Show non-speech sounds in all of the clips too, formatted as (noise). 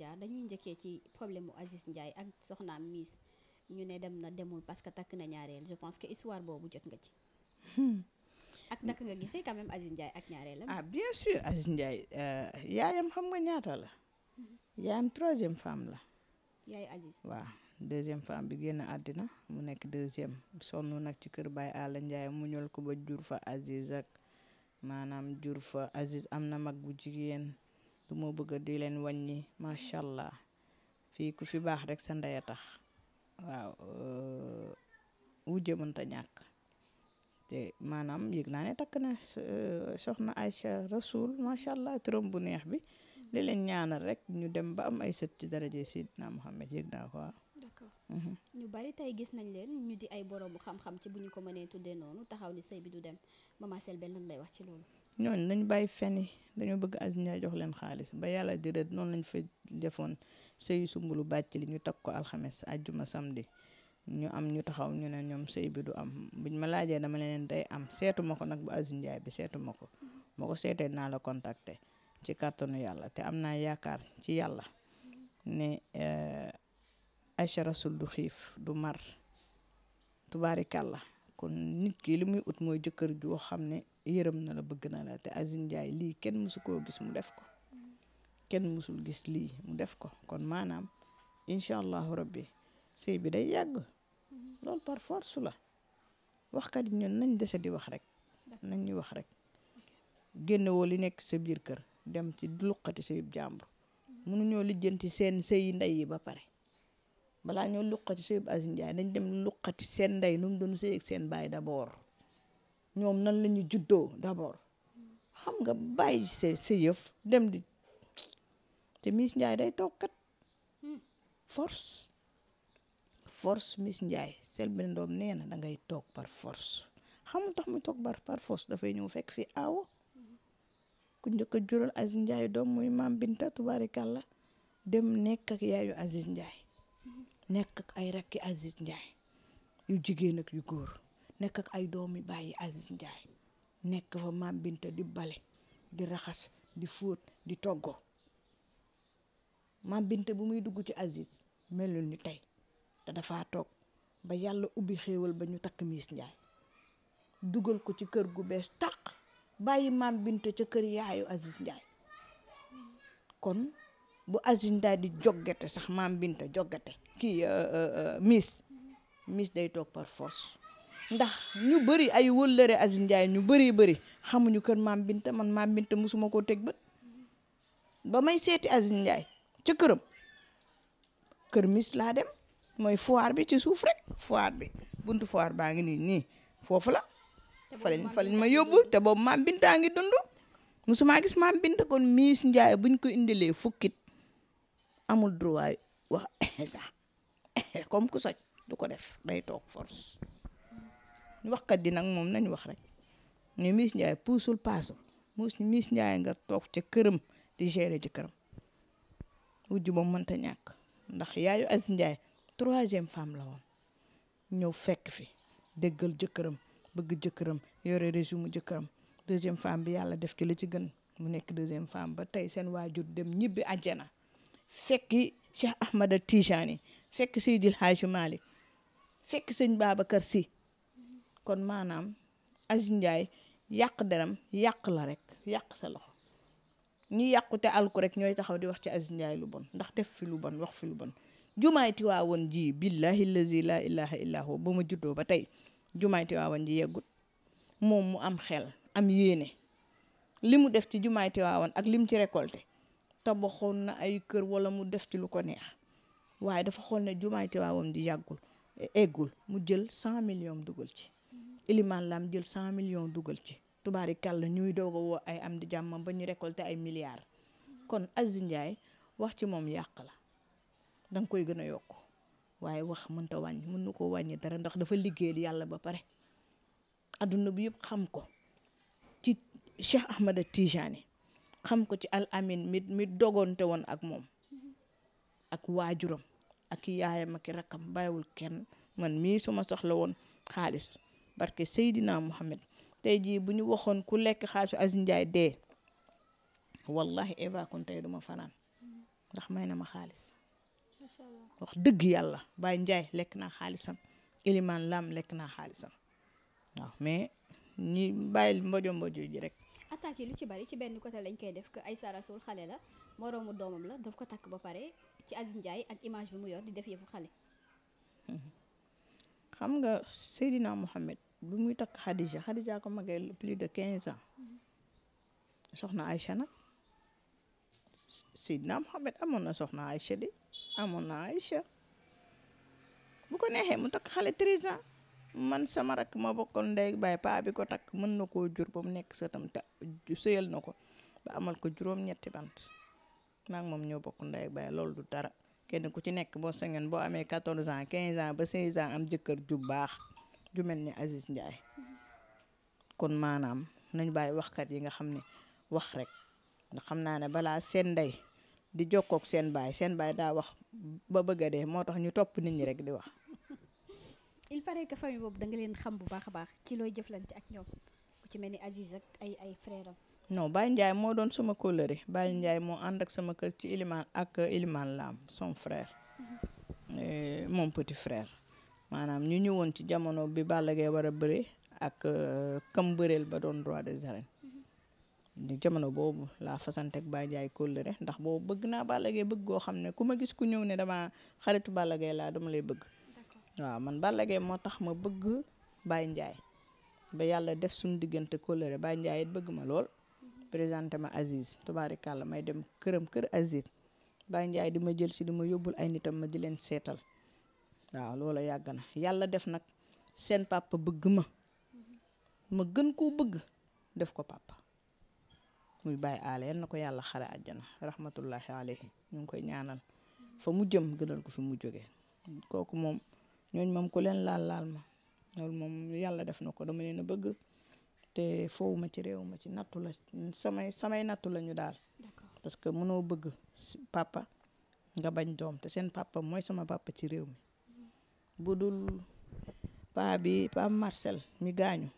média dañuy njëkkee ci problème mu Aziz Ndiaye ak soxnaam miis ñu ne dem na demul parce que takk na ñaareel je pense que histoire boobu jot nga ci. Hmm. ak naka nga gisee quand même Aziz Ndiaye ak ñaareelam. ah bien sûr Aziz Ndiaye euh, yaayam xam nga ñaata la. Hmm. yaayam troisième femme la. yaay Aziz waaw. deuxième femme bi génn àddina mu nekk deuxième sonn nag ci kër Baye Alla Ndiaye mu ñol ko ba jur fa Aziz ak maanaam jur fa Aziz am na mag bu jigéen moo ma bëgg di leen wàññi macha allah fii ku fi baax rek sa ndey a tax waaw euh, wujje mënta ñàkk te maanaam yëg naa ne takk na euh, soxna Aïcha Rasoul macha allah turam bu neex bi li leen ñaanal rek ñu dem ba am ay sët ci daraje Seydina Muhammad yëg naa ko d'accord mhm. ñu bari tey gis nañ leen ñu di ay boroomu xam-xam ci bu ñu ko mënee tuddee noonu taxaw ni sëy bi du dem maman Selbé lan lay wax ci loolu. ñooñu dañ bàyyi fen yi dañoo bëgg Aziz Ndiaye jox leen xaalis ba yàlla di rëdd noonu lañ fa defoon sëy sumbulu bàcc li ñu tag ko alxames àjjuma samedi ñu am ñu taxaw ñu ne ñoom sëy bi du am biñ ma laajee dama leen day am seetuma ko nag bu Aziz bi seetuma ko ma mhm. ko seetee naa la contacter ci kàttanu yàlla te am naa yaakaar ci Aïcha Rasul du xiif du mar tubaarikàlla kon nit ki li muy ut mooy jëkkër joo xam ne yërëm na la bëgg na la te Aziz lii kenn mësu koo gis mu def ko kenn mësul gis lii mu def ko kon maanaam incha allahu rabbi sëy bi day yàgg loolu par force la waxkat yi ñun nañ dese di wax rek nañ ñu wax rek génnewoo li nekk sa biir kër dem ci luqati sëyub jàmbur mënuñoo lijjanti seen sëyi ndey yi ba pare balaa ñoo luqati sëyub Aziz Ndiaye dañ dem luqati seen ndey nu mu doon seen baay d'abord ñoom nan la ñu juddoo d'abord xam nga bàyyi sa sa yëf te Miss day toog kat force Ndiaye Selbé nee na da ngay toog par force xam mu toog par dafay ñëw fekk fii aawo ku njëkk jural Aziz Ndiaye doom muy maam Binta tubaarikàlla dem nekk ak yaayu Aziz Ndiaye. nekk ak ay rakki asis Ndiaye yu jigéen ak yu góor nekk ak ay doomi bàyyi Aziz Ndiaye nekk fa maam Binta di bale di raxas di fóot di toggoo maam Binta bu muy dugg ci asis melul ni tey te dafa toog ba yàlla ubbi xéewal ba ñu takk Miss Ndiaye dugal ko ci kër gu bees tàq bàyyi maam Binta ca kër yaayu asis Ndiaye kon bu Aziz daal di joggate sax maam Binta joggate kii euh, euh, euh, Miss Miss day toog par force ndax ñu bëri ay wëllëre Aziz Ndiaye ñu bëri bëri xamuñu kër maam Binta man maam Binta koo teg ba may seeti Aziz ca këram kër Miss laa dem mooy foire bi ci suuf rek bi buntu foire baa ngi nii nii foofu la. fa ma yóbbu te boobu a ngi dund gis maam Binta kon Miss Ndiaye buñ ko indilee fukkit amul droit wax (laughs) (laughs) comme ku soj du ko def day toog force waxkat di nag moom nañu wax rek ni Miss Ndiaye puusul paasul mus Miss nga toog ca këram di gérer ci këram wujj ba mënta ñàkk ndax yaayu Aziz Ndiaye troisième femme la woon ñëw fekk fi déggal jëkkëram bëgg jëkkëram yore résumé jëkkëram deuxième femme bi yàlla def ci la ci gën mu nekk deuxième femme ba tey seen waajur dem ñibbi àjjana fekki Cheikh Ahmada Tijani fekk Seydil Hadji Malick fekk sëñ Babacar Sy kon maanaam Aziz Ndiaye yàq deram yàq la rek yàq sa loxo ñi yàqute alku rek ñooy taxaw di wax ci Aziz Ndiaye lu bon ndax def fi lu bon wax fi lu bon jumaay Tiwaawoon ji ma juddoo ba tey jumaay Tiwaawoon ji yeggut moom mu am xel am yéene li mu def ci jumaay Tiwaawoon ak lim ci récolté tabaxoon na ay kër wala mu def ci lu ko neex waaye dafa xool ne jumaay Tiwaawoon di yàggul eggul mu jël cent million dugal ci Ilimaan Lam jël cent million dugal ci tubaari kàll ñuy doog a woo ay am di jàmmam ba ñu récolté ay milliards kon Aziz wax ci moom yàq la danga koy gën a yokk waaye wax mënta wàññi mën na koo wàññi dara ndax dafa liggéeyal yàlla ba pare adduna bi yëpp xam ko ci Cheikh Ahmada Tijani xam ko ci al amin mi mi dogonte woon ak moom ak waajuram ak yaayam ak rakkam bàyyiwul kenn man mii suma ma soxla woon xaalis barke Seydina Muhammad tey jii bu ñu waxoon ku lekk xaalisu Aziz Ndiaye dee wallahi Eva kon tey duma fanaan ndax may na ma xaalis wax dëgg yàlla Baye Ndiaye lekk na xaalisam Eliman Lam lekk na xaalisam waaw mais ñi bàyyi mbojo mbojo ji rek attaques lu ci bari ci benn côté lañ koy def que Aïssa Rassoul xale la moroomu doomam la daf ko takk ba pare ci Aziz Ndiaye ak image bi mu di def yëfu xale. Mm-hmm. nga Seydina Mohamed bu muy takk Khadija Khadija ko magee plus de quinze ans mm-hmm. soxna Aïcha nag Seydina Mohamed amoon na soxna Aïcha de amoon na Aïcha bu ko neexee mu takk xale treize ans. man sama rakk ma bokkoon ndey baay paa ko takk mën na koo jur ba mu nekk sa tam te sëyal na ko ba amal ko juróom-ñetti bant maa moom ñoo bokk ndey baay loolu du dara kenn ku ci nekk boo sañoon boo amee 14 ans quinze ans ba 16 ans am jëkkër ju baax ju mel ni Aziz Ndiaye kon maanaam nañ bàyyi waxkat yi nga xam ne wax rek ndax xam naa ne balaa seen ndey di jokkook seen baay seen baay daa wax ba bëgg a moo tax ñu topp nit ñi rek di wax il paraît que famille boobu da nga leen xam bu baax a baax ci looy jëflante ak ñoom ku ci mel ni Aziz ak ay ay frère am. non Baye moo doon sama kóllëre Baye Ndiaye moo ànd ak sama kër ci Iliman ak Iliman Lam son frère. Mhm. mon petit frère. maanaam ñu ñëwoon ci jamono bi Balla war a bëre ak euh, kam bëreel ba doon roi de arènes. Mhm. jamono boobu laa fasante ak Baye Ndiaye kóllëre ndax boo bëgg naa Balla bëgg goo xam ne ku ma gis ku ñëw ne dama xaritu Balla Gaye laa dama lay bëgg. waaw man ba Gaye moo tax ma bëgg Baye Ndiaye ba yàlla def suñu diggante kóllëre Baye Ndiaye it bëgg ma lool présenté ma Aziz tubaarikàlla may dem këram kër Aziz Baye Ndiaye di ma jël si di ma yóbbul ay nitam ma di leen seetal waaw loola yàgg na yàlla def nag seen papa bëgg ma ma gën koo bëgg def ko papa muy Baye Aale yan na ko yàlla xare àjjana rahmatullahi alayhi ñu ngi koy ñaanal fa mu jëm gënal ko fi mu jógee kooku moom. ñooñu moom ku leen laal laal ma loolu moom yàlla def na ko dama leen a bëgg te fowuma ci réew ma ci nattu la samay samay nattu la ñu daal. parce que mënoo bëgg papa nga bañ doom te seen papa mooy sama papa ci réew mi bu dul paa bi paa Marcel mi gaañu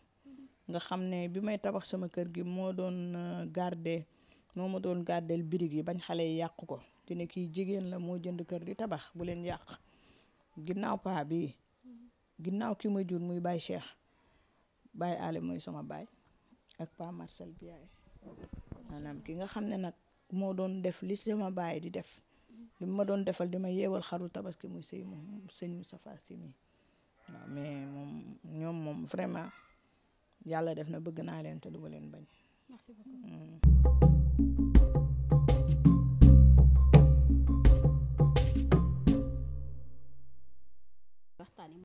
nga xam ne bi may tabax sama kër gi moo doon euh, garder noo ma doon gardeel birig yi bañ xale yi yàq ko te ne kii jigéen la moo jënd kër di tabax bu leen yàq. ginnaaw paa bii ginnaaw ki ma jur muy Baye Cheikh Baye Ali mooy sama baay ak paa Marcel Biaye manaam ki nga xam ne nag moo doon def li sama baay di def li ma doon defal di ma yeewal xaru tabaski muy sëy moom sëñ Moustapha Sy mi waaw mais moom ñoom moom vraiment yàlla def na bëgg naa leen te du ma leen bañ.